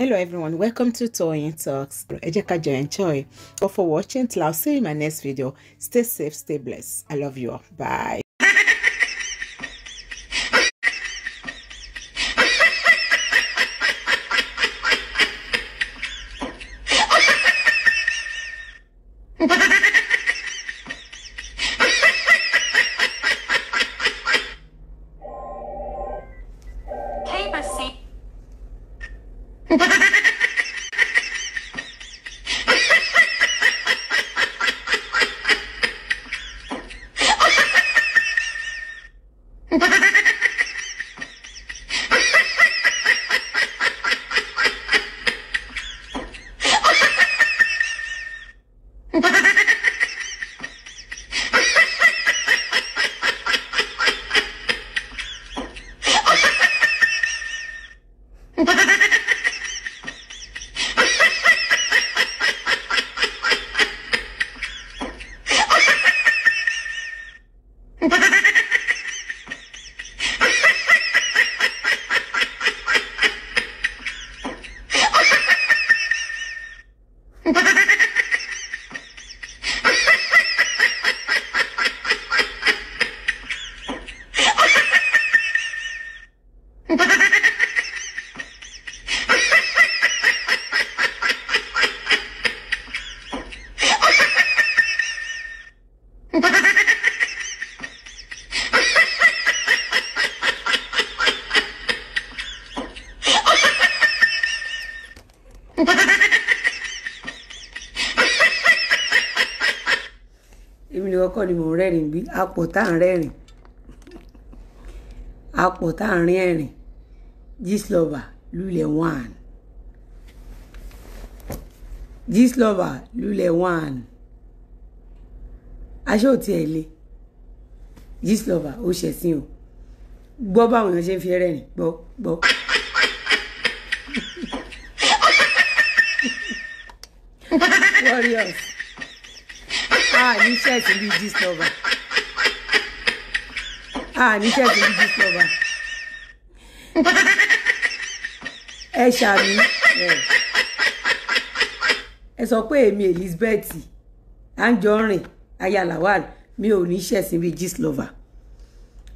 Hello everyone, welcome to Toyeen Talks. Ejekaja enjoy. But for watching, till I'll see you in my next video. Stay safe, stay blessed. I love you all. Bye. Ha ha ha! apọ̀ tá à ń rẹ́rìn apọ̀ tá à ń rín ẹ̀rìn Gistlover lulẹ̀ one Gistlover lulẹ̀ one aṣọ òtí ẹ̀ le Gistlover ó ṣẹ̀sìn o gbọ́ báwọn èèyàn ṣe ń fi rẹ́rìn gbọ́ gbọ́. warriors ah ní ṣẹ́ẹ̀sì bíi Gistlover. Ah, ní ṣẹ́gun bíbí sọ̀rọ̀ ẹ ṣàmì ẹ sọ pé èmi Elizabeth Anjorin aya Lawal mi ò ní ṣẹ̀sìn bíi gist lover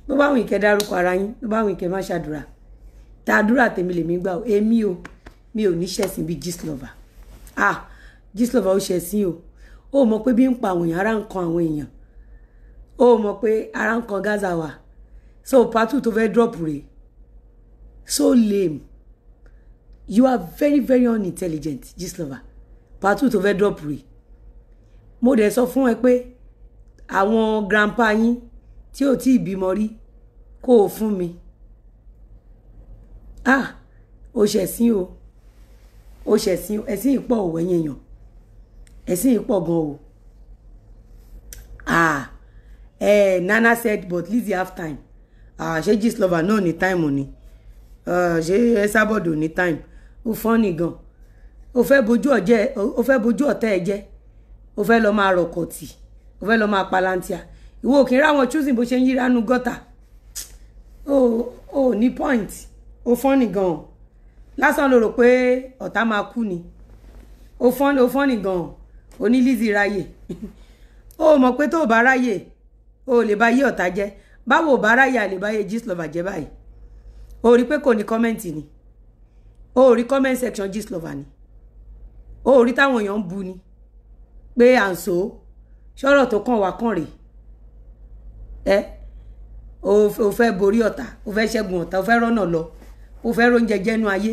ló bá wùn kẹ́ dárúkọ ara yín ló bá wùn kẹ́ má ṣàdúrà tàdúrà tèmi lèmi gbà ó èmi o mi ò ní ṣẹ̀sìn bíi gist lover ah gist lover ó ṣẹ̀sìn o ó mọ̀ pé bí ń pa àwọn èèyàn ara ń kan àwọn èèyàn ó mọ̀ pé ara ń kan Gaza wà so part two to fẹ́ drop rè so lame you are very very unintelligent lover. part two to fẹ́ drop rè mo dẹ̀ sọ fún ẹ pé àwọn grandpa yín tí ò tí ì bímọ rí kó fún mi ah o ṣẹ̀sín o o ṣẹ̀sín o ẹ̀sìn ìpọ̀ òwò ẹ̀yìn èèyàn ẹ̀sìn ìpọ̀ gan o ah eh, Nana said but Lizzy have time ṣé Gistlover náà ní táìmù ni ṣé Esabod ní táìmù ó fọ́nì gan ó fẹ́ bojú ọ̀jẹ́ ó fẹ́ bojú ọ̀tá ẹ jẹ́ ó fẹ́ lọ́ọ́ máa rọ̀kọ̀ tì ó fẹ́ lọ́ọ́ máa palantia ìwọ òkè ráwọn choosing bó ṣe ń yíra nu gọ́tà ó ó ní point ó fọ́nì gan o lásán ló rò pé ọ̀tá máa kú ni ó fọ́nì ó fọ́nì gan o onílìzì ráyè ó mọ̀ pé tó o bá ráyè o lè bá yí ọ̀tá jẹ́ báwo ò bá ráyè àlè báyé gist lover jẹ́ báyìí o rí pé kò ní kọ́mẹ́ǹtì ni o rí comment section gist lover ni o rí táwọn èèyàn ń bu ni pé à ń so ṣọ́rọ̀ tó kàn wá kàn rèé ẹ o fẹ́ borí ọ̀tá o fẹ́ ṣẹ́gun ọ̀tá o fẹ́ rọ́nà lọ o fẹ́ róúnjẹ jẹ́nu ayé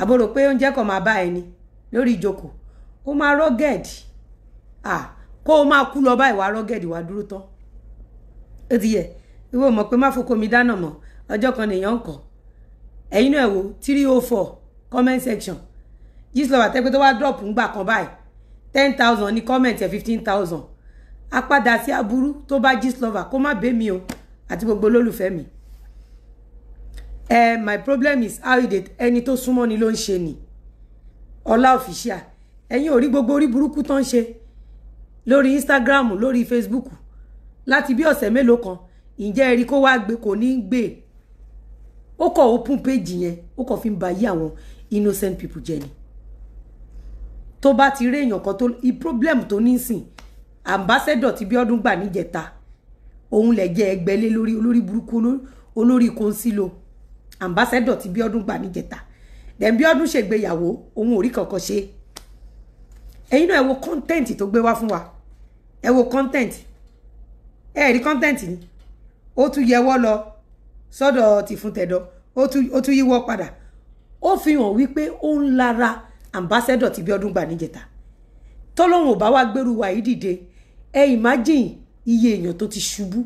àbúrò pé oúnjẹ kan máa bá ẹni lórí ìjókòó ó máa rọ́gẹ̀dì kó o máa kú lọ báyìí wá rọ́gẹ̀dì wá dúró tán ó ti yẹ ìwọ mọ̀ pé má foko mi dáná mọ́ ọjọ́ kan nìyẹn ń ẹ̀yin náà e wò three oh four comment section Gistlover àtẹ́pẹ́ tó wá drop ńgbà kan báyìí ten thousand ní comment ẹ̀ e fifteen thousand apádà sí aburú tó bá Gistlover kó má bẹ́ mi o àti gbogbo olólùfẹ́ mi eh, my problem is how you e dey ẹni tó súnmọ́ ni ló ń ṣe ni ọlá òfìṣíà ẹ̀yin ò rí gbogbo orí burúkú tó ń ṣe lórí Instagram lórí Facebook láti bí ọ̀sẹ̀ mélòó kan ǹjẹ́ ẹ rí kó wá gbé kò ní gbé ó kọ̀ open page yẹn ó kọ̀ fi ń ba ayé àwọn innocent people jẹ́ ni tó bá ti rí èèyàn kan tó i problem tó ní sìn ambassador ti Bíọ́dún gbà níjẹta òun lè jẹ ẹgbẹ́lé lórí olórí burúkú olórí konsilo ambassador ti Bíọ́dún gbà níjẹta then Bíọ́dún ṣègbéyàwó òun ò rí kankan ṣe ẹ̀yin náà ẹ wo content tó gbé wá fún wa ẹ wo content ẹ rí kọ́ńtẹ́ǹtì ni ó tún yẹwọ́ lọ sọ́dọ̀ tìfuntẹ̀dọ̀ ó tún yíwọ́ padà ó fi hàn wípé ó ń lara ambassador ti Bíọ́dún gbà níjẹta tọ́lọ́run ò bá wá gbèrú wa yìí dìde ẹ imagine iye èèyàn tó ti ṣubú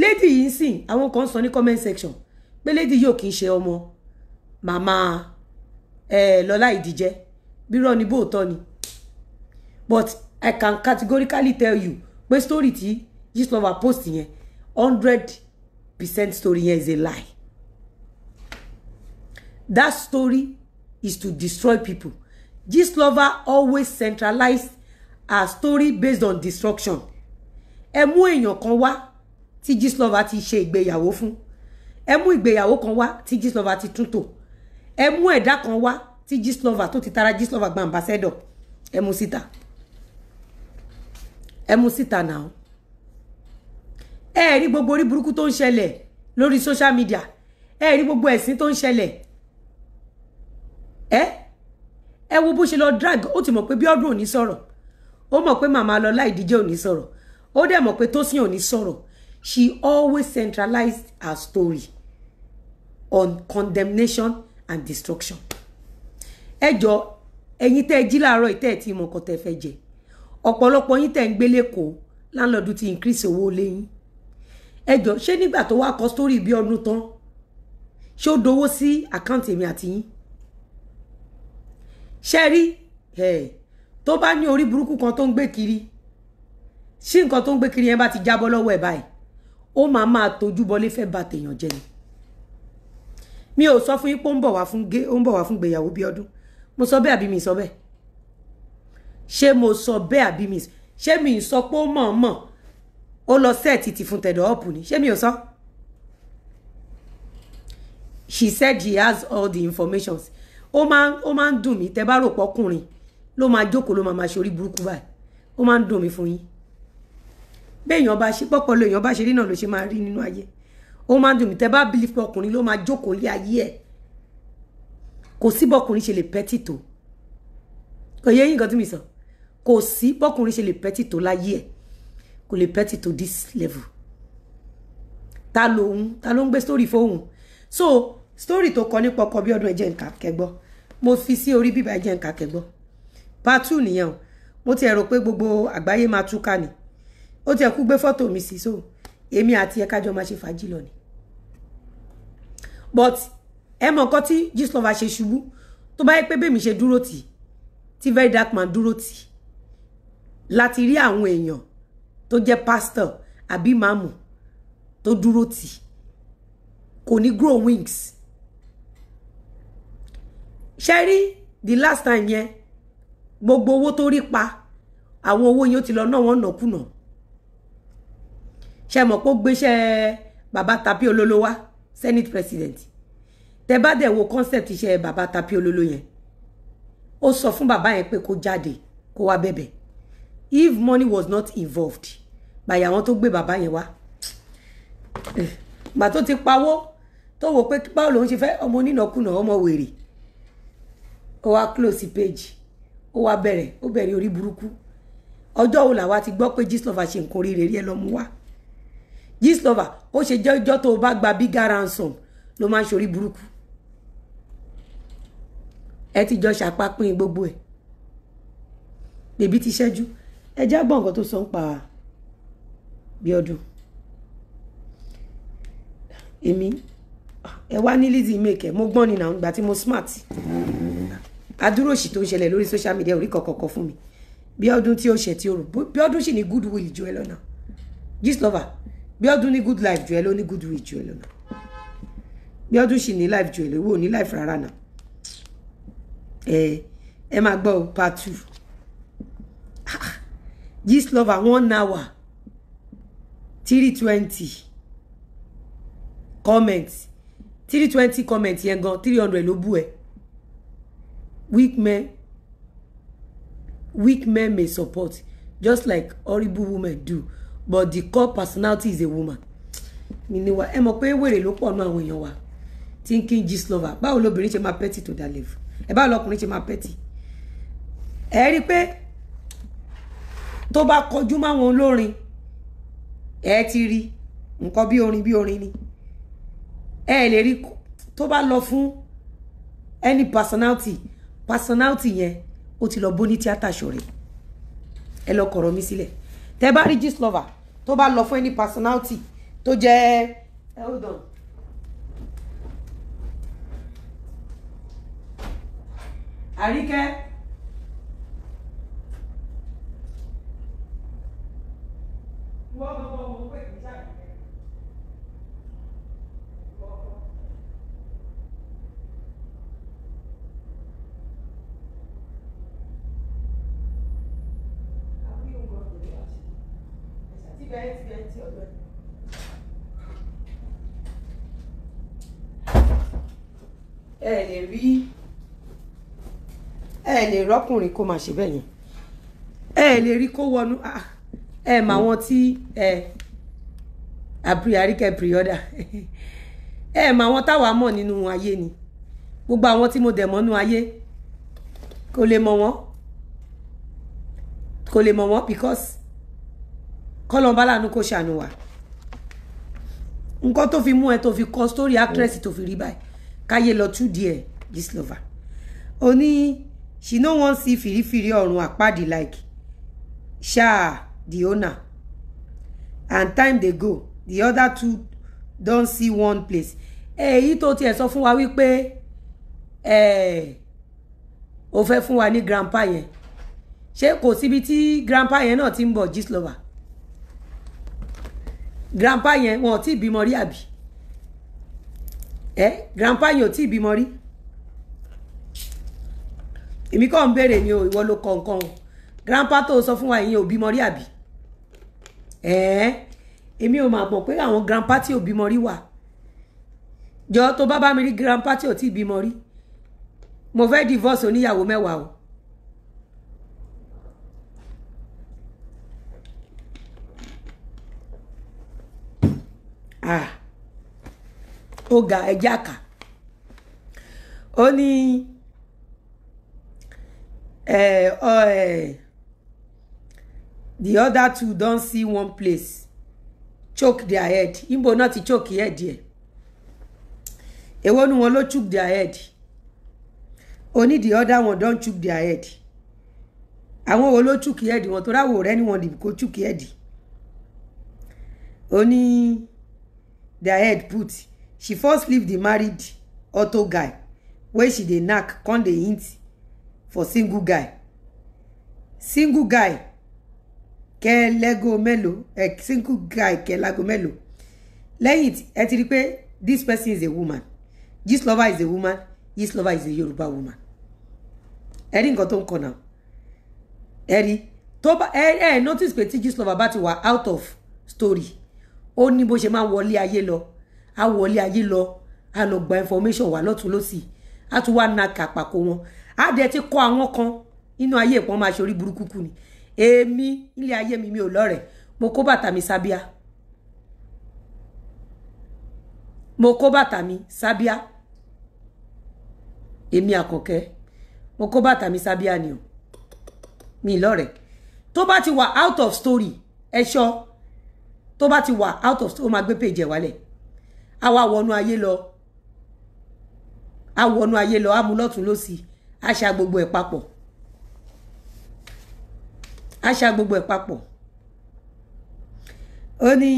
lady yìí ń sìn àwọn kan sọ ní comment section pé lady yóò kì í ṣe ọmọ màmá ẹ lọ́lá ìdíjẹ́ bírọ̀ ni bóòtọ́ ni but I can categorically tell you pé story tí gist lover post yẹn hundred percent story yẹn is a lie that story is to destroy people gist lover always centralize her story based on destruction ẹ mú èèyàn kan wá tí gist lover ti ṣe ìgbéyàwó fún ẹ mú ìgbéyàwó kan wá tí gist lover ti tún tò ẹ mú ẹ̀dá kan wá tí gist lover tó ti tara gist lover gba ambassador ẹ mú síta ẹ mú síta náà ẹ rí gbogbo orí burúkú tó ń ṣẹlẹ̀ lórí social media ẹ rí gbogbo ẹ̀sìn tó ń ṣẹlẹ̀ ẹ ẹ wo bó ṣe lọ drag ó ti mọ̀ pé bí ọdún ò sọ̀rọ̀ ó mọ̀ pé màmá lọ láì díje ò sọ̀rọ̀ ó dẹ̀ mọ̀ pé Tósìn ò sọ̀rọ̀ she always centralized her story on condemnation and destruction ẹ jọ ẹ̀yin tẹ́ ẹ jí láàárọ̀ ìtẹ́ ẹ ti mo nǹkan tẹ́ fẹ́ jẹ ọ̀pọ̀lọpọ̀ yín tẹ̀ ń gbé lẹ́kọ̀ọ́ láńlọ́ọ̀dù ti increase owó lẹ́yìn ẹ jọ ṣé nígbà tó wá kọ sórí bí ọdún tán ṣé ó dowó sí àkáǹtì èmi àti yín ṣe rí tó bá ní orí burúkú kan tó ń gbé kiri ṣé nǹkan tó ń gbé kiri yẹn bá ti jábọ́ lọ́wọ́ ẹ̀ báyìí ó máa máa tójú bọlé fẹ́ bà tèèyàn jẹ́ ni mi ò sọ fún yín pé ó ń bọ̀ wá fún gbéyàwó bí ọdún mo sọ bẹ́ẹ̀ àbí mi sọ bẹ́ẹ̀ ṣé mo sọ bẹ́ẹ̀ àbí mi ṣé mi ń sọ pé ó mọ̀ mọ̀ ó lọ sẹ́ẹ̀tì ti fún tẹ̀dọ̀ ọ̀pù ni ṣé mi ò sọ. she said he has all the information ó máa ó máa ń dùn mí tẹ bá rò pọkùnrin ló máa jókòó ló máa máa ṣorí burúkú báyìí ó máa ń dùn mí fún yín béèyàn bá ṣe pọ́pọ́ lo èèyàn bá ṣe rí náà ló ṣe máa rí nínú ayé ó máa ń dùn mí tẹ bá bílí ọkùnrin ló máa jókòó lé ayé ẹ̀ kò síbọ̀kùnrin ṣe lè pẹ́ tìtò kò yẹ yín nǹkan tí mi sọ. So kò sí bọ́kùnrin ṣe lè pẹ́tì tó láyé ẹ̀ kò lè pẹ́tì tó this level ta lòun ta ló ń gbé story fóun so story tó kọ nípa ọkọ bí ọdún ẹ̀jẹ̀ nǹkan kẹgbọ́ mo fi sí orí bíbá ẹ̀jẹ̀ nǹkan kẹgbọ́ part two nìyẹn o mo ti rò pé gbogbo àgbáyé máa túká ni ó ti ẹ̀kú gbé fọ́tò mi sí so èmi àti ẹ̀ka jọ máa ṣe fàájì lọ ni but ẹ mọ nǹkan tí Gistlover ṣe ṣubú tó bá yẹ pé bèmi ṣe dúró tì tí very dark man dúró tì láti rí àwọn èèyàn tó jẹ́ pastor àbí màmù tó dúró tì kò ní grow wings ṣe rí the last time yẹn gbogbo owó tó rí pa àwọn owó yẹn ó ti lọ náà wọ́n nàkúnà ṣe mọ̀ pé ó gbéṣẹ́ bàbá tàbí olólo wá senate president tẹ bá dẹ̀ wo concept iṣẹ́ bàbá tàbí olólo yẹn ó sọ fún bàbá yẹn pé kó jáde kó wá bẹ̀bẹ̀ if money was not involved by àwọn tó gbé bàbá yẹn wá eh, gbà tó ti pawó tó wò pé báwo lòun ṣe fẹ́ ọmọ onínàkúnà ọmọ wèrè ó wá close page ó wá bẹ̀rẹ̀ ó bẹ̀rẹ̀ orí burúkú ọjọ́ wo làwa ti gbọ́ pé Gistlover ṣe nǹkan oríire rí ẹ lọ mú wá Gistlover ó ṣe jẹ́ ọjọ́ tó o bá gba bigger ransom ló máa ń ṣorí burúkú ẹ ti jọ ṣàpapín gbogbo ẹ̀ bèbí ti ṣẹ́jú ẹ já gbọ́ nǹkan tó sọ ń pa Bíọ́dún èmi ẹ wá ní Lizzy make mo gbọ́n ni náà ìgbà tí mo smart adúróṣì tó ń ṣẹlẹ̀ lórí social media orí kọ̀kọ̀kọ̀ fún mi Bíọ́dún tí ó ṣẹ̀ tí ó rò Bíọ́dún sì ní good will ju ẹ lọ́nà gist lover Bíọ́dún ní good life ju ẹ lọ ní good will ju ẹ lọ́nà Bíọ́dún sì ní life ju ẹ lọ ní life rárá náà ẹ ẹ máa gbọ́ part two. This lover one hour three twenty comment three twenty comment yẹn gan three hundred ló weak men weak men may support just like horrible women do but the core personality is a woman mi ni wa ẹ mọ̀ pé wèrè ló pọ̀ nú wa thinking this lover Ba lobìnrin ṣe máa pẹ́tì tó dá lẹ́fù ẹ báwo lọkùnrin ṣe máa pẹ́tì ẹ rí i pé tó bá kọjú máwọn olórin ẹ ti rí nǹkan bí orin bí orin ni ẹ lè rí tó bá lọ fún any personality personality yẹn ó ti lọ bó ní tíátà ṣọ̀rẹ́ ẹ lọ kọ̀rọ̀ mi sílẹ̀ tẹ bá rí gist lover tó bá lọ fún any personality tó jẹ́ hold on. àríkẹ́. ẹ lè rọ́kùnrin kó máa ṣe bẹ́ẹ̀ yẹn ẹ lè rí kó wọnú ah, ah. ẹ mà wọn tí ẹ àbúrí àríkẹ́ pìrìọ́dà ẹ mà wọn táwa mọ̀ nínú ayé ni gbogbo àwọn tí mo dẹ̀ mọ́nú ayé kò lè mọ̀ wọ́n kò lè mọ̀ wọ́n because kọ́lọ́n bá láàánú kó ṣàánú wa nǹkan tó fi mú ẹ tó fi kọ story actress tó fi rí báyìí káyé lọ tú díẹ̀ Gistlover ó ní she no wan see firifiri ọ̀run àpáàdì like shaa the owner and time dey go the other two don see one place èyí tó tiẹ̀ sọ fún wa wípé eh, ó fẹ́ fún wa ní grandpa yẹn ṣé kò síbi tí grandpa yẹn náà ti ń bọ̀ lover. grandpa yẹn wọn ò tí ì bímọ rí àbí eh, grandpa yẹn ò tí ì bímọ rí èmi kọ́ ń béèrè ni o ìwọ ló kọ nǹkan o grandpa tó sọ fún wa ìyẹn ò bímọ rí àbí ẹ̀ẹ́ èmi ò mà mọ̀ pé àwọn grandpa tí ò bímọ rí wà jọ tó bá bá mi rí grandpa tí ò tí ì bímọ rí mo fẹ́ divorce oníyàwó mẹ́wàá o. Ah, ó ga ẹja kà ó ní. Eh, oh, eh. the other two don't see one place choke their head imbo náà ti choke head yẹ èwo nu wọn choke their head only the other one don't choke their head àwọn wo ló choke head wọn tó ráwò rẹ ni wọn dìbò kó choke head only their head put she first leave the married auto guy Where she dey knack come dey hint for single guy single guy kẹ lẹ́gò mélòó ẹ single guy kẹ lágò mélòó lẹ́yìn ẹ ti rí pé this person is a woman this lover is a woman this lover is a Yoruba woman ẹ rí nǹkan tó ń kọ náà ẹ rí tó bá ẹ ẹ notice pé tí this lover bá ti wà out of story ó ní bó ṣe máa wọlé ayé lọ á wọlé ayé lọ á lọ gba information wà lọ́tún lọ́sì á tún wá na kàpàkó wọn á dẹ̀ ti kọ́ àwọn kan nínú ayé ìpọ́n máa ṣe orí burúkú kù ni èmi ilé ayé mi mi ò lọ́rẹ̀ẹ́ mo kó bàtà mi sábíà mo kó bàtà mi sábíà èmi àkọ́kẹ́ mo kó bàtà mi sábíà ni o mi lọ́rẹ̀ẹ́ tó bá ti wà out of story ẹ ṣọ́ tó bá ti wà out of story ó máa gbé page ẹ̀ wálẹ̀ àwa wọnú ayé lọ àwọnú ayé lọ àmúlọ́tún lọ́sì a ṣa gbogbo ẹ̀ papọ̀ a ṣa gbogbo ẹ̀ papọ̀ ó ní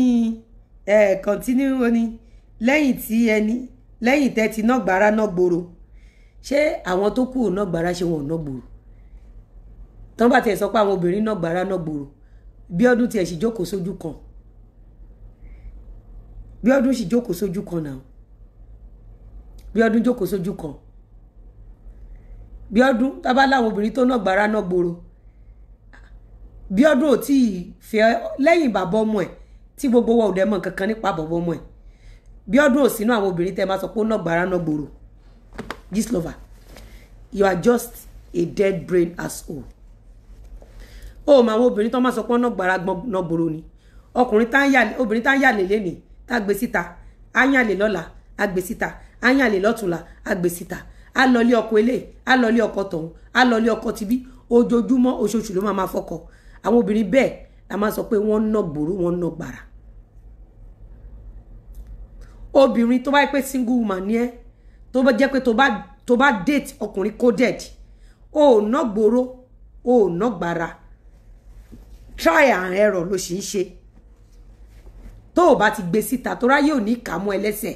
ẹ kọ́ntínú ó ní lẹ́yìn tí ẹni lẹ́yìn tẹ́ ti nọ́gbàrá nọ́gboro ṣé àwọn tó kù nọ́gbàrá ṣe wọn ò nọ́gboro tán bá tiẹ̀ sọ pé àwọn obìnrin nọ́gbàrá nọ́gboro bí ọdún tiẹ̀ sì jókòó sójú kan bí ọdún sì jókòó sójú kan náà bí ọdún jókòó sójú kan. Bíọ́dún tábà láwọn obìnrin tó náà gbára náà gbòòrò Bíọ́dún ò tí ì fẹ́ lẹ́yìn bàbá ọmọ ẹ̀ tí gbogbo wa ò dẹ̀ mọ̀ nǹkan kan nípa bàbá ọmọ ẹ̀ Bíọ́dún ò sínú àwọn obìnrin tẹ́ máa sọ pé ó náà gbára náà gbòòrò Gistlover you are just a dead brain asshole ó mọ àwọn obìnrin tó máa sọ pé ó náà gbára náà gbòòrò ni ọkùnrin tá ń yà obìnrin tá ń yà lè lénìí tá gbé síta á yàn lè lọ́la á gbé síta á yàn lè lọ́tùnla á gbé síta á lọ lé ọkọ eléyìí á lọ lé ọkọ tọ̀hún á lọ lé ọkọ tibí ojoojúmọ́ oṣooṣù ló máa máa fọkọ àwọn obìnrin bẹ́ẹ̀ la máa sọ pé wọ́n ń ná gbòòrò wọ́n ń ná gbàrà obìnrin tó bá pẹ́ single woman ni ẹ́ tó bá jẹ́ pé tó bá date ọkùnrin coded o ò ná gbòòrò o ò ná gbàrà try and error ló sì ń ṣe tó o bá ti gbé síta tó ráyè ò ní kà á mọ́ ẹlẹ́sẹ̀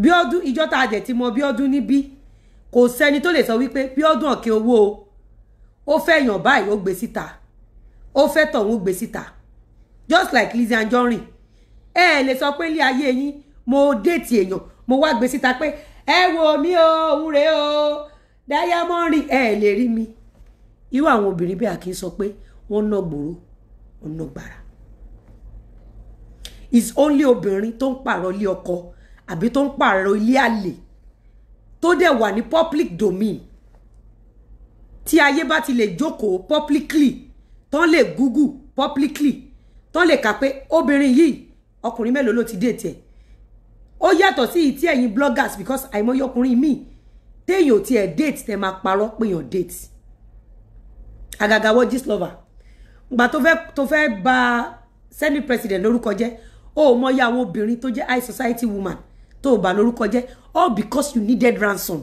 Bíọ́dún ìjọ tá a dẹ̀ ti mọ Bíọ́dún níbí kò sẹ́ni tó lè sọ wípé Bíọ́dún ọ̀kẹ́ owó o ó fẹ́ yàn báyìí ó gbé síta ó fẹ́ tọ̀hún gbé síta just like Lizzy Anjorin ẹ ẹ lè sọ pé ilé ayé yín mo déètì èèyàn mo wá gbé síta pé ẹ wo mi o òun rèé o dáyámọ́rì ẹ ẹ lè rí mi irú àwọn obìnrin bẹ́ẹ̀ kì í sọ pé wọ́n ná gbòòrò wọ́n ná gbàrà it's only obìnrin tó ń pààrọ̀ lé ọkọ àbí tó ń pààrọ̀ ilé àlè tó dẹ̀ wà ní public domain tí ayé bá ti lè jókòó publicly tán lè google publicly tán lè kà pé obìnrin yìí ọkùnrin mélòó ló ti dé tiẹ̀ ó yàtọ̀ sí ìtí ẹ̀yin bloggers because àìmọye ọkùnrin míì téèyàn ò tiẹ̀ date tẹ́ máa parọ́ péyàn date àgàgà wọ́n gist lover gbà tó fẹ́ tó fẹ́ bà senate president lórúkọ jẹ́ ó mọ iye àwọn obìnrin tó jẹ́ high society woman tó o bá lórúkọ jẹ́ all because you needed ransom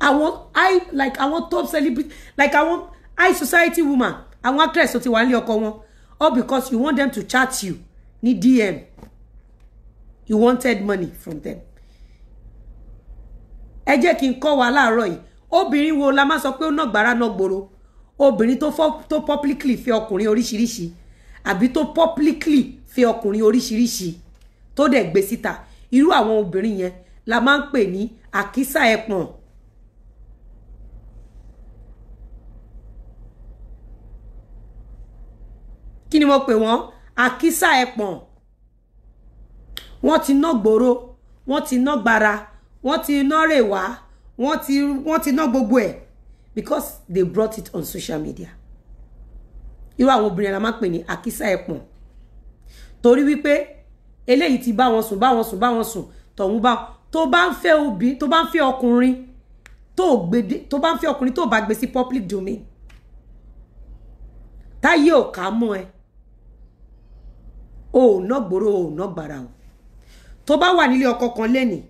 àwọn high like àwọn top celebrity like àwọn high society woman àwọn actress tó ti wà nílé ọkọ wọn all because you want them to chat you ní DM you wanted money from them ẹ jẹ́ kí n kọ́ wa láàárọ̀ yìí obìnrin wo la máa sọ pé ó ná gbàrà ná gbòòrò obìnrin tó tó publicly fẹ́ ọkùnrin oríṣiríṣi àbí tó publicly fẹ́ ọkùnrin oríṣiríṣi tó dẹ̀ gbé síta irú àwọn obìnrin yẹn la máa ń pè ní àkísà ẹpọ̀n. kí ni mo pè wọ́n àkísà ẹpọ̀n wọ́n ti ná gbòòrò wọ́n ti ná gbara wọ́n ti ná rèwá wọ́n ti ná gbogbo ẹ̀ because they brought it on social media irú àwọn obìnrin la máa ń pè ní àkísà ẹpọ̀n torí wípé eléyìí ti bá wọn sùn bá wọn sùn bá wọn sùn tọ̀hún bá tó bá ń fẹ́ obì tó bá ń fẹ́ ọkùnrin tó gbèdé tó bá ń fẹ́ ọkùnrin tó bá gbé sí public domain táyé ò ká mọ́ ẹ o ò ná gbòòrò o ò ná gbàrà o tó bá wà nílé ọkọ kan lẹ́nìí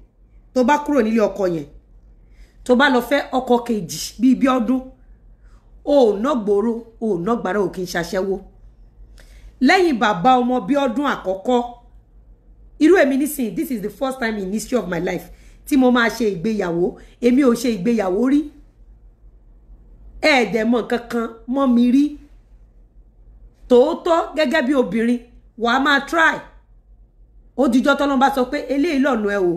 tó bá kúrò nílé ọkọ yẹn tó bá lọ fẹ́ ọkọ kejì bíi bí ọdún o ò ná gbòòrò o ò ná gbàrà o kì í ṣaṣẹ́wó lẹ́yìn bàbá ọmọ bí ọdún àkọ́kọ́ irú èmi nísìnyí this is the first time in history of my life tí mo máa ṣe ìgbéyàwó èmi ò ṣe ìgbéyàwó rí ẹ̀ẹ́dẹ̀mọ̀ kankan mọ́ mi rí tòótọ́ gẹ́gẹ́ bí obìnrin wà máa try ó dijọ́ tọ́lọ́n bá sọ pé eléyìí lọ́nà ẹ o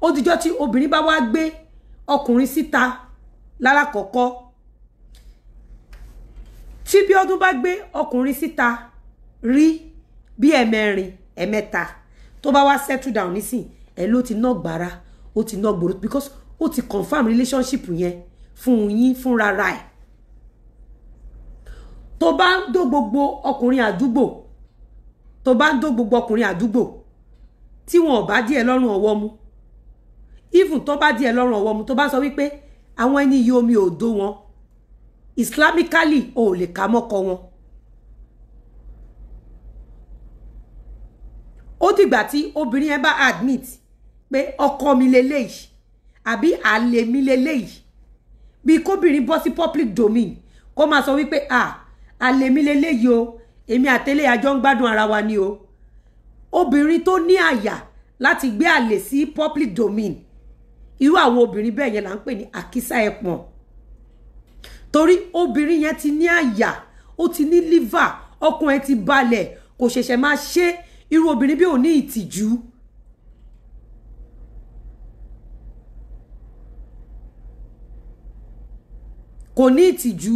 ó dijọ́ tí obìnrin bá wá gbé ọkùnrin síta lálákọ̀ọ́kọ́ tí bí ọdún bá gbé ọkùnrin síta rí bí ẹ̀mẹrin ẹ̀mẹta. E tó bá wá settle down nísìn ẹ ló ti ná gbàrà ó ti ná gbòòrò because ó ti confirm relationship yẹn fún yín fúnra ra ẹ̀ tó bá ń dó gbogbo ọkùnrin àdúgbò tó bá ń dó gbogbo ọkùnrin àdúgbò tí wọn ò bá díẹ̀ lọ́rùn ọwọ́ mu even tó bá díẹ̀ lọ́rùn ọwọ́ mu tó bá sọ wípé àwọn ẹni yìí omi ò dó wọn islamically o ò lè kà mọ́kọ wọn ó dìgbà tí obìnrin yẹn bá admit pé ọkọ mi leléyìí àbí àlè mi leléyìí bíi kóbìnrin bọ́ sí public domain kó máa sọ wípé à àlè mi leléyìí o èmi àtẹ́lẹ̀ àjọ ń gbádùn ara wa ni o obìnrin tó ní àyà láti gbé àlè sí public domain irú àwọn obìnrin bẹ́ẹ̀ yẹn là ń pè ní àkísà ẹ̀pọ̀n torí obìnrin yẹn ti ní àyà ó ti ní liver ọkùn ẹ ti balẹ̀ kò ṣẹ̀ṣẹ̀ máa ṣe é irú obìnrin bí ò ní ìtìjú kò ní ìtìjú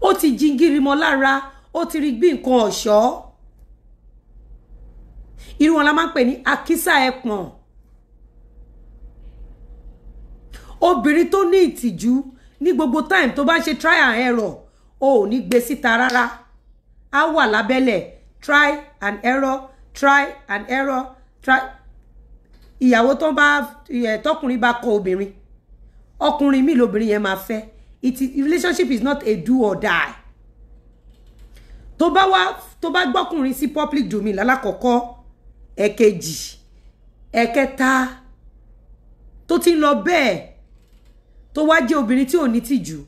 ó ti jingiri mọ́ lára ó ti rí gbí nǹkan ọ̀ṣọ́ irú wọn la máa ń pè ní àkísà ẹpọ̀n obìnrin tó ní ìtìjú ní gbogbo time tó bá ń ṣe trial and error o ò ní gbé síta rárá á wà lábẹ́lẹ̀ try and error try and error try ìyàwó tó bá tọkùnrin bá kọ obìnrin ọkùnrin mi lobìnrin yẹn máa fẹ́ it is relationship is not a do or die tó bá wá tó bá gbọ́kùnrin sí public domain lálákọ̀ọ́kọ́ ẹ̀kejì ẹ̀kẹta tó ti ń lọ bẹ́ẹ̀ tó wá jẹ́ obìnrin tí ò ní tìjú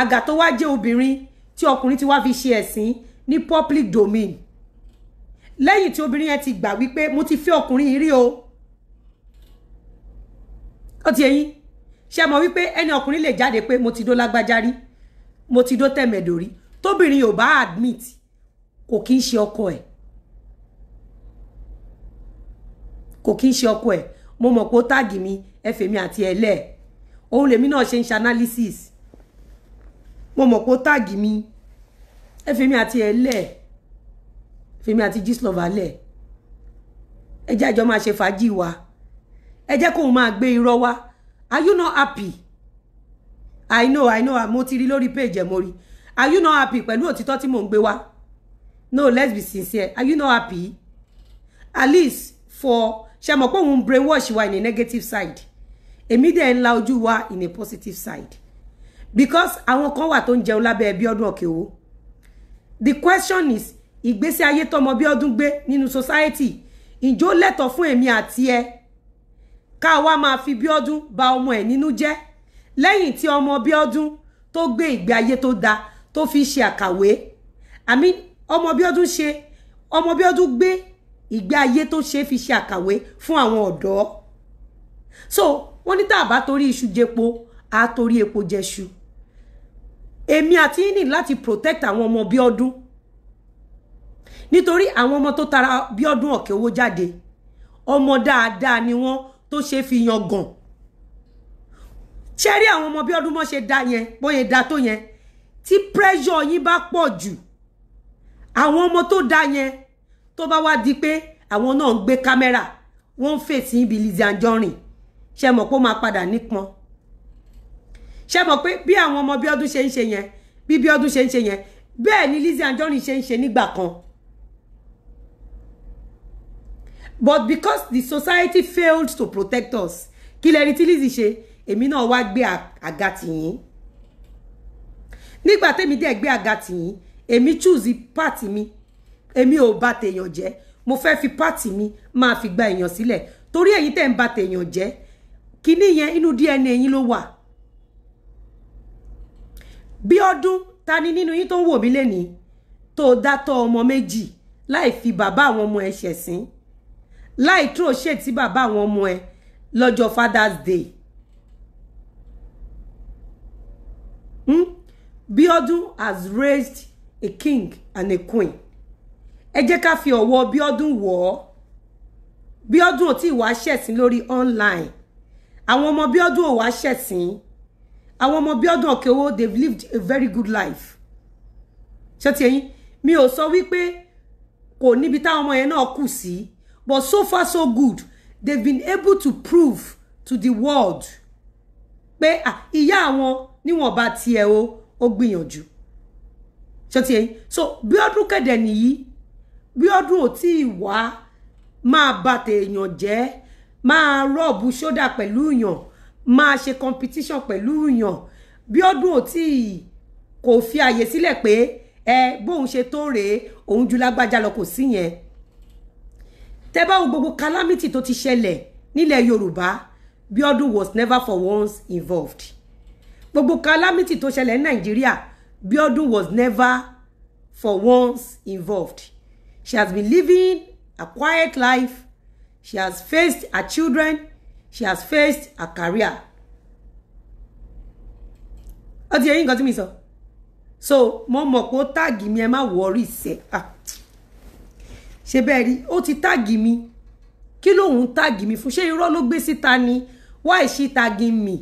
àgà tó wá jẹ́ obìnrin tí ọkùnrin ti wá fi ṣe ẹ̀sìn ní public domain lẹ́yìn tí obìnrin yẹn ti gbà wípé mo ti fẹ́ ọkùnrin yìí rí o ó ti ẹ̀yin ṣe mọ̀ wípé ẹni ọkùnrin lè jáde pé mo ti dó lágbájá rí mo ti dó tẹ̀mẹ̀dò rí tóbìnrin ò bá admit kò kí ń ṣe ọkọ ẹ̀ kò kí ń ṣe ọkọ ẹ̀ mo mọ̀ pé ó táàgì mi ẹ fèmi àti ẹ òun lèmi náà ṣe ń ṣe analysis mo mọ̀ pé ó táàgì mi ẹ fèmi àti ẹ lẹ́ẹ̀ fèmi àti Gistlover lẹ̀ ẹ jẹ́ àjọ máa ṣe fàájì wa ẹ jẹ́ kóun máa gbé irọ́ wa are you not happy i know i know mo ti rí lórí page ẹ̀ mo rí are you not happy pẹ̀lú òtítọ́ tí mò ń gbé wa no let's be sincere are you not happy at least for ṣe mọ̀ pé òun brainwash wa in a negative side èmi dẹ̀ ń la ojú wa in a positive side because àwọn kan wà tó ń jẹun lábẹ́ ẹbí ọdún ọ̀kẹ́ the question is ìgbésí ayé tọmọ bí ọdún gbé nínú society ìjó lẹ́tọ̀ọ́ fún èmi àti ẹ ká wá máa fi bí ọdún ba ọmọ ẹ̀ nínú jẹ́ lẹ́yìn tí ọmọ bí ọdún tó gbé ìgbé ayé tó da tó fi ṣe àkàwé àmì ọmọ bí ọdún ṣe ọmọ bí ọdún gbé ìgbé ayé tó ṣe fi ṣe àkàwé fún àwọn ọ̀dọ́ so wọ́n ní tá a bá torí iṣu jẹpo a torí epo jẹṣu èmi àti yín ní láti protect àwọn ọmọ bí ọdún nítorí àwọn ọmọ tó tara Bíọ́dún ọ̀kẹ́ owó jáde ọmọ dáadáa ni wọ́n tó ṣe fi yangàn ṣe rí àwọn ọmọ Bíọ́dún mọ́ ṣe dá yẹn bóyá dá tó yẹn tí pressure yín bá pọ̀ jù àwọn ọmọ tó dá yẹn tó bá wá di pé àwọn náà ń gbé kámẹ́rà wọ́n ń fèsì ibi Lizzy Anjorin ṣe mọ̀ pé ó máa padà nípọn ṣe mọ̀ pé bí àwọn ọmọ Bíọ́dún ṣe ń ṣe yẹn bí Bíọ́dún ṣe ń ṣe yẹn bẹ́ẹ̀ ni Lizzy Anjorin ṣe ń ṣe nígbà kan but because the society failed to protect us kí lẹ́ni tí Lizzy ṣe èmi náà wá gbé àga tìyín nígbà tẹ́mi dẹ̀ gbé àga tìyín èmi choose pàtì mi emi ò bà tèèyàn jẹ́ mo fẹ́ fi party mi ma fi gba èèyàn sílẹ̀ torí ẹ̀yin tẹ́ ń bà tèèyàn jẹ́ kíní yẹn inú DNA yín ló wà bí ọdún ta ni nínú yín tó ń wò mí lénìí tó dátọ́ ọmọ méjì fi baba àwọn ọmọ ẹ̀ ṣẹ̀sìn láì tó ṣe tí bàbá àwọn ọmọ ẹ lọ́jọ́ father's day hmm? Bíọ́dún has raised a king and a queen ẹ jẹ́ ká fi ọ̀wọ́ Bíọ́dún wọ̀ ọ́ Bíọ́dún ò tí ì ṣẹ̀sìn lórí online àwọn ọmọ Bíọ́dún ò wá ṣẹ̀sìn àwọn ọmọ Bíọ́dún ọ̀kẹ́wò they've lived a very good life ṣé ti ẹ̀yin mi ò sọ wípé kò níbi táwọn ọmọ yẹn náà kù sí. Si But so far, so good. They've been able to prove to the world pé ìyá àwọn níwọ̀nba tiẹ̀ o ó gbìyànjú ṣọtí ẹ̀yìn so bí ọdún kẹ̀dẹ̀ nìyí bí ọdún ò tí ì wá máa bà tèèyàn jẹ́ máa rọ́ọ̀bù ṣódà pẹ̀lú yàn máa ṣe competition pẹ̀lú yàn bí ọdún ò tí ì kò fi àyè sílẹ̀ pé ẹ bóun ṣe tó rèé òun ju lágbájá lọ kò sí yẹn tẹ́ bá wo gbogbo calamity tó ti ṣẹlẹ̀ nílẹ̀ Yorùbá Bíọ́dún was never for once involved gbogbo calamity tó ṣẹlẹ̀ ní Nàìjíríà Bíọ́dún was never for once involved she has been living a quiet life she has faced her children she has faced her career ó ti yẹ yín nǹkan tí mi sọ so mo mọ̀ pé ó táàgì mi ẹ má wọrí ìṣe ah ṣe bẹ́ẹ̀ rí ó ti táàgì mi kí lòun táàgì mi fún ṣé irọ́ ló gbé síta ni why is she tagging me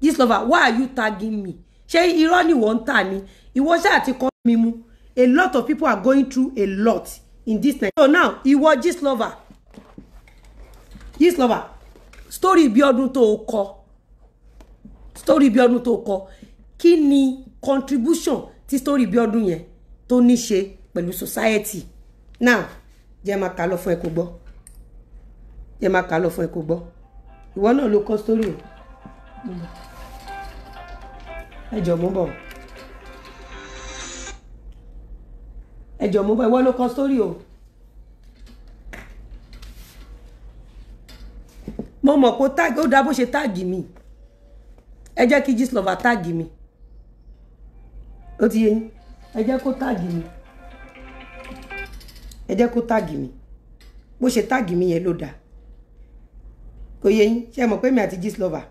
this lover why are you tagging me ṣé irọ́ ni wọ́n ń tà ni ìwọ ṣáà ti kọ́ mi mu a lot of people are going through a lot in this time. so now ìwọ this lover This lover story ibi ọdún tó kọ story ibi ọdún tó kọ kí ni contribution tí story ibi ọdún yẹn tó ní ṣe pẹ̀lú society now jẹ́ máa kà á lọ fún ẹ kó gbọ́ jẹ́ máa kà á lọ fún ẹ kó gbọ́ ìwọ náà ló kọ́ sórí o ẹ jọ mú bọ̀ ẹ jọ mú bọ̀ ìwọ ló kọ́ sórí o mo mọ̀ kó táàgì ó dá bó ṣe táàgì mi ẹ jẹ́ kí gist lover táàgì mi ó ti yẹ yín ẹ jẹ́ kó táàgì mi ẹ jẹ́ kó táàgì mi bó ṣe táàgì mi yẹn ló dáa kò yẹ yín ṣe mọ̀ pé mi àti Gistlover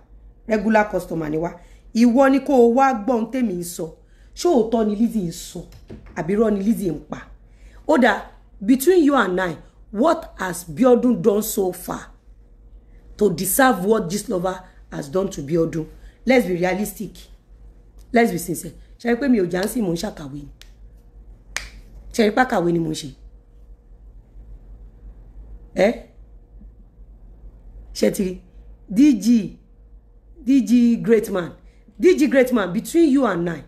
regular customer ni wá ìwọ ni kó o wá gbọ́n tèmi ń sọ ṣé òótọ́ ni Lizzy ń sọ àbí irọ́ ni Lizzy ń pa ó dáa between you and I what has Biodun done so far to deserve what lover has done to Biodun let's be realistic let's be sincere ṣe pé mi ò jáǹsì mò ń ṣàkàwé ni ṣe pé àkàwé ni mo ṣe ẹ ṣe ti dg dg great man dg great man between you and i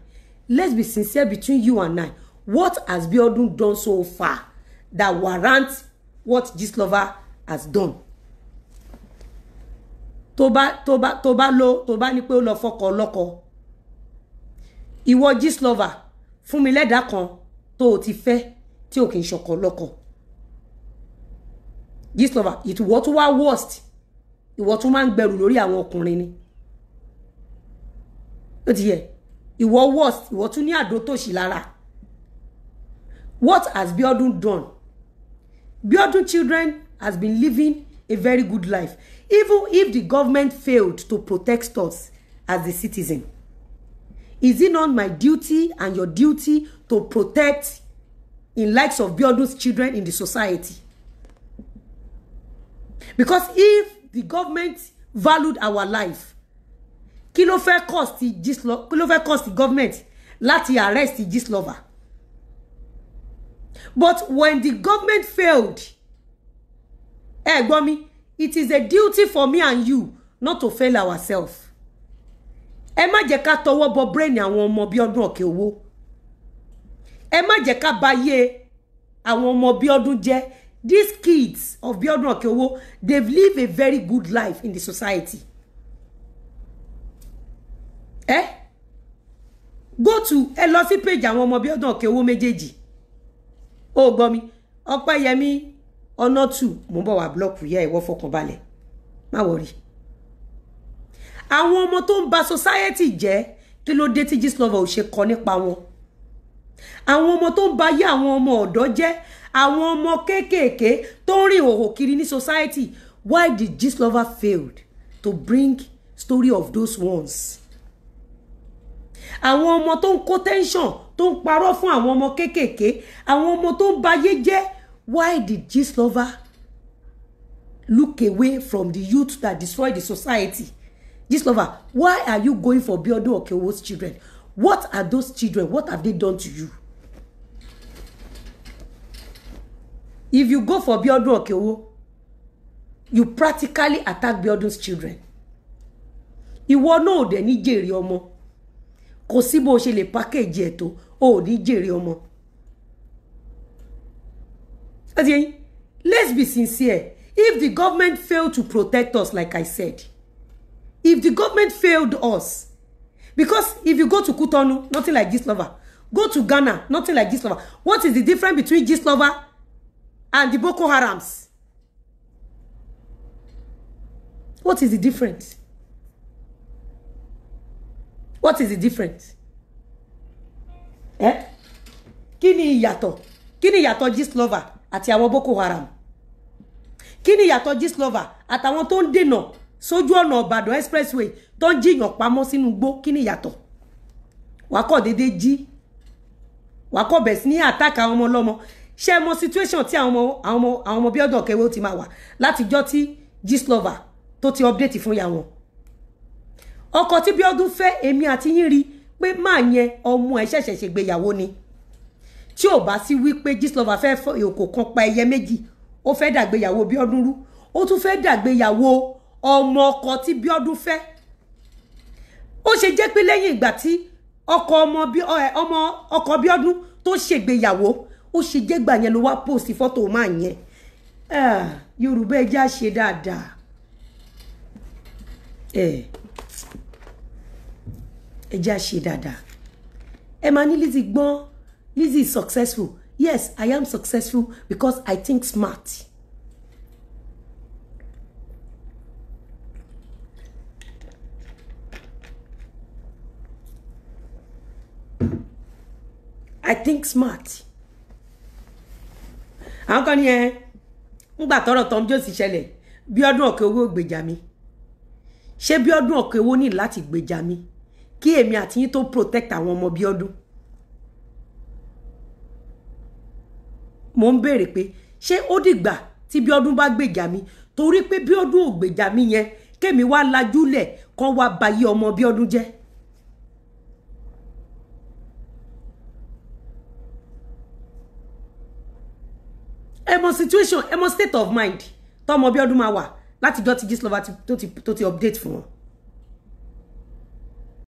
let's be sincere between you and i what has Biodun done so far that warrants what Gistlover has done tó bá tó bá tó bá lọ tó bá ní pé ó lọ fọkọ ọlọkọ ìwọ Gistlover fún mi lẹ́dàá kan tó o ti fẹ́ tí o kì í ṣọkọ ọlọkọ This lover it ìwọ tún wá worst ìwọ tún máa ń gbẹrù lórí àwọn ọkùnrin ni ó ti yẹ ìwọ worst ìwọ tún ní àdó tòṣì lára what has Biodun done Biodun children has been living a very good life even if the government failed to protect us as a citizen is it not my duty and your duty to protect in likes of Biodun's children in the society because if the government valued our life kí ló fẹ́ cost gist kí ló fẹ́ cost government láti arrest gist lover but when the government failed ẹ gbọ́ mi it is a duty for me and you not to fail ourselves ẹ má jẹ́ ká tọwọ́ bọ brain àwọn ọmọ bíi ọdún ọ̀kẹ́ owó ẹ má jẹ́ ká bayé àwọn ọmọ bíi ọdún jẹ́ these kids of Biodun Okewo, they've lived a very good life in the society eh go to a lossy page and one more Biodun Okeowo méjèèjì ó gbọ́ mi Ọpẹ́yẹmí ọ̀nà tù mo bọ̀ wá búlọ́ọ̀kù yẹ ìwọ fọkànbalẹ̀ má wọrí àwọn ọmọ tó ń ba society je kí ló dé tí gíslọ́và ò ṣe kọ nípa wọn àwọn ọmọ tó ń ba ayé àwọn ọmọ ọ̀dọ́ jẹ́ àwọn ọmọ kéékèèké tó ń rìn òhò kiri ní society why did gist lover failed to bring story of those ones àwọn ọmọ tó ń kó tension tó ń parọ́ fún àwọn ọmọ kéékèèké àwọn ọmọ tó ń bayé jẹ́ why did gist lover look away from the youth that destroy the society gist lover why are you going for Bíọ́dún Òkèowó's children what are those children what have they done to you if you go for Biodun Okeowo you practically attack Biodun's children ìwọ náà ò dẹ̀ ní jèrè ọmọ kò sí bó ṣe lè package ẹ̀ tó o ò ní jèrè ọmọ. let's be sincere if the government failed to protect us like I said if the government failed us because if you go to Kutonu nothing like lover. go to Ghana nothing like lover. what is the difference between lover? and the Boko Harams. What is the difference? What is the difference? Eh? Kini yato, kini yato, ni lover ati àti Boko Haram? Kini yato, ìyàtọ̀ lover àtàwọn tó ń dènà sójú ọ̀nà Ìbàdàn expressway tó ń jiyàn pamọ́ sínú igbó kí ni ìyàtọ̀? Wàá kọ̀ déédéé jí. Wàá kọ̀ bẹ̀ sí ṣe mọ situation ti àwọn ọmọ àwọn ọmọ àwọn ọmọ bí ọdún ọ̀kẹ́wé ó ti máa wà látijọ́ tí Gistlover tó ti update fún ya wọn ọkọ tí bí ọdún fẹ́ èmi àti yín rí pé máa yẹn ọmọ ẹ̀ ṣẹ̀ṣẹ̀ ṣègbéyàwó ni tí ò bá sí wípé Gistlover fẹ́ fọ èkó kan pa ẹyẹ méjì ó fẹ́ dàgbéyàwó bí ọdún rú ó tún fẹ́ dàgbéyàwó ọmọ ọkọ tí bí ọdún fẹ́ ó ṣe jẹ́ pé lẹ́yìn ìgbà tí ọkọ ọmọ ọkọ bí ọdún tó ṣègbéyàwó ó ṣe jẹ́gbà yẹn ló wá post fọ́tò máa yẹn ah, yorùbá ẹ já ṣe dáadáa ẹ ṣe dáadáa ẹ máa ní Lizzy gbọ́n Lizzy is successful yes I am successful because I think smart. I think smart àwọn kan ní ẹ ńgbà tọrọ Tom Jones ṣẹlẹ̀ Bíọ́dún Òkèowó gbèjà mi ṣé Bíọ́dún Òkèowó ní láti gbèjà mi kí èmi àti yín tó protect àwọn ọmọ Bíọ́dún mo ń béèrè pé ṣé ó dìgbà tí Bíọ́dún bá gbèjà mi torí pé Bíọ́dún ò gbèjà mi yẹn kémi wá lajúlẹ̀ kán wá bayé ọmọ Bíọ́dún jẹ́ ẹ mọ situation ẹ mọ state of mind tọmọ bí ọdún máa wà látijọ́ ti gíslọ́ba tó ti update fún wọn.